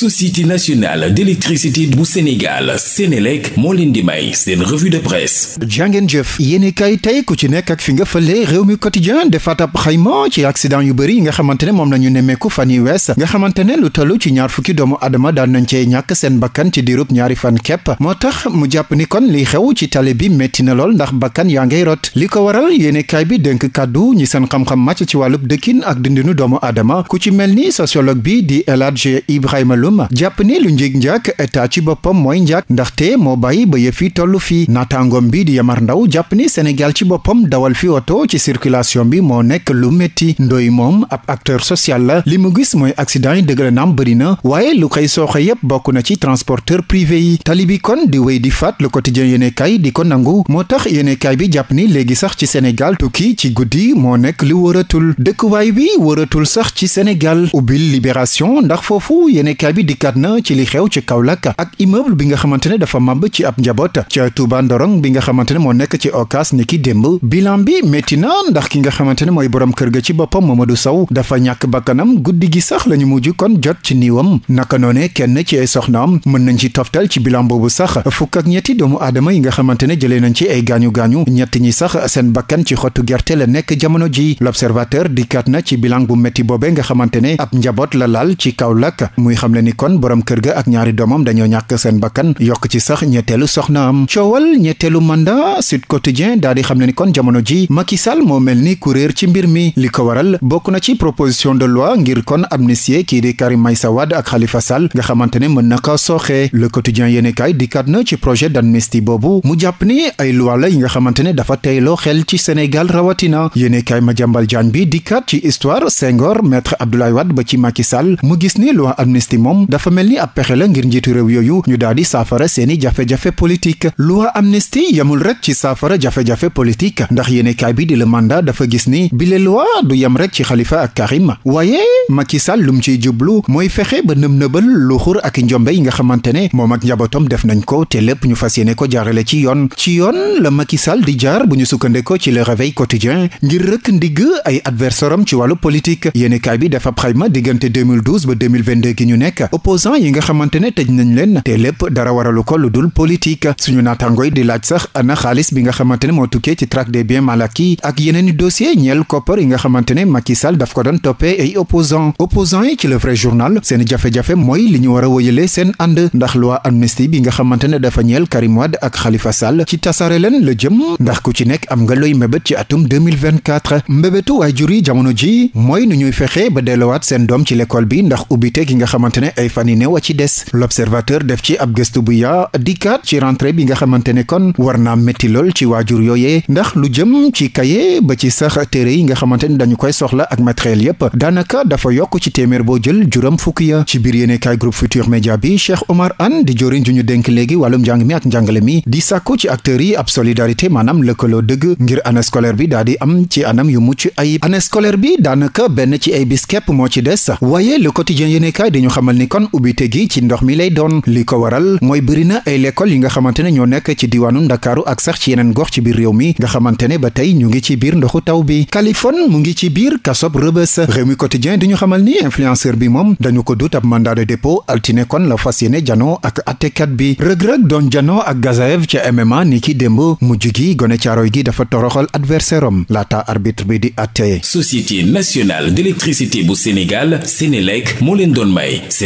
société nationale d'électricité bu Sénégal Sénélec moo leen di may seen revue de presse jàngeen jëf yéeni kay tey ku ci nekk ak fi nga fële réew mi quotidien defaat ab xayma ci accident yu bari yi nga xamante ne moom la ñu nemmeeku fan yi wees nga xamante ne lu toll ci ñaar fukki doomu adama daan nañ cee ñàkk seen bakkan ci diirub ñaari fan kepp moo tax mu jàpp ni kon liy xew ci tali bi metti na lool ndax bakkan yaa ngay rot li ko waral yéeni kaay bi dénk kàddu ñi seen xam-xam màcc ci wàllub dëkkin ak dundinu doomu adama ku ci mel ni sociologue bi di El Hadj Ibrahima Lo mbiram jàpp ne lu njëg njàkk état ci boppam mooy njàkk ndaxte moo bàyyi ba yëf yi toll fii naataangoom bi di Yamar Ndaw jàpp ni Sénégal ci boppam dawal fi oto ci circulation bi moo nekk lu métti ndoy moom ab acteur social la li mu gis mooy accident yi dëgg la naam bëri na waaye lu koy sooxe yépp bokk na ci transporteur privé yi tali bi kon di wéy di faat le quotidien yéene kaay di ko nangu moo tax yéene bi jàpp ni léegi sax ci Sénégal tukki ci guddi moo nekk lu wëratul dëkkuwaay bi wëratul sax ci Sénégal ubbil libération bi dikkaat na ci li xew ci Kaolack ak immeuble bi nga xamante ne dafa màbb ci ab njaboot ca Touba Ndorong bi nga xamante ne moo nekk ci Ocass ni ki démb bilan bi métti na ndax ki nga xamante ne mooy boroom kër ga ci boppam du saw dafa ñàkk bakkanam guddi gi sax la ñu mujj kon jot ci niiwam naka noone kenn ci ay soxnaam mën nañ ci toftal ci bilan boobu sax fukk ak ñetti doomu aadama yi nga xamante ne jëlee nañ ci ay gaañu gaañu ñett ñi sax seen bakkan ci xottu gerte la nekk jamono ji l'observateur dikkaat na ci bilan bu métti boobee nga xamante ne ab njaboot la laal ci Kaolack muy ni kon borom kër ga ak ñaari doomam dañoo ñàkk seen bakkan yokk ci sax ñetteelu soxnaam coowal ñetteelu mandat Sud Quotidien daal di xam ne ni kon jamono ji Macky Sall moo mel ni kuréer ci mbir mi li ko waral bokk na ci proposition de loi ngir kon amnistie kii di Karim Meïssa Wade ak Khalifa Sall nga xamante ne mën na ko sooxee Le Quotidien yéene kaay dikkaat na ci projet d'amnistie boobu mu jàpp ni ay loi la nga xamante ne dafa teyloo xel ci Sénégal rawatina yéene kaay ma jàmbal jaan bi dikkaat ci histoire Senghor maître Abdoulaye Wade ba ci Macky Sall mu gis ni loi dafa mel ni ab pexe la ngir njiitu réew yooyu ñu daal di saafara seeni jafe-jafe politique loi amnistie yamul rek ci saafara jafe-jafe politique ndax yéenekaay bi di la mandat dafa gis ni bile loi du yam rek ci Khalifa ak Karim waaye Macky Sall lum ciy jublu mooy fexe ba nëb-nëbal luxur ak njombe yi nga xamante ne moom ak njabootam def nañ ko te lépp ñu fas yéene ko jaarale ci yoon ci yoon la Macky Sall di jaar bu ñu sukkandeko ci le réveil quotidien ngir rëkk ndigg ay adversaire am ci wàllu politique yéenekaay bi dafa xayma diggante 2012 ba 2022 gi ñu nekk politique opposant yi nga xamante ne tëj nañ leen te lépp dara waralu ko lu dul politique suñu naataangooy di laaj sax ana xaalis bi nga xamante ne moo tukkee ci traque des biens mal acquis ak yeneen dossier ñeel koppar yi nga xamante ne Macky Sall daf ko doon toppee ay opposant opposant yi ci le vrai journal seen jafe-jafe mooy li ñu war a wëyale seen ànd ndax loi amnistie bi nga xamante ne dafa ñeel Karim Wade ak Khalifa Sall ci tasaare leen la jëm ndax ku ci nekk am nga looy mébét ci atum 2024 mbébétu waajur yi jamono ji mooy nu ñuy ba dellowaat seen doom ci l'école bi ne ay fan yu néew a ci des l'observateur def ci ab gëstu bu yaa dikkaat ci rentrée bi nga xamante ne kon war naa métti ci waajur yooyee ndax lu jëm ci kaye ba ci sax téere yi nga xamante ne dañu koy soxla ak matériel yépp daanaka dafa yokk ci téeméer boo jël juróom fukk ya ci biir yeneen kaay groupe futur média bi Cheikh Omar Anne di joriñ ju ñu dénk léegi wàllum njàng mi ak njàngale mi di sàkku ci acteurs yi ab solidarité maanaam lëkkaloo dëgg ngir année scolaire bi daa di am ci anam yu mucc ayib année scolaire bi daanaka benn ci ay bis képp moo ci des kon ubbite gi ci ndox mi lay doon li ko waral mooy bëri na ay lekkool yi nga xamante ne ñoo nekk ci diwaanu ndakaaru ak sax ci yeneen gox ci biir réew mi nga xamante ne ba tey ñu ngi ci biir ndoxu taw bi Kaliphone mu ngi ci biir kasob rëbës réew mi quotidien di ñu xamal ni influenceur bi moom dañu ko dut ab mandat de dépôt altine kon la fas yéene janoo ak attekat bi rëg-rëg doon jano ak gazaev ca MMA ni ki démb mujj gi gone caaroy gi dafa toroxal adversaire am laata arbitre bi di atte société nationale d'électricité bu Sénégal Sénélec moo leen doon may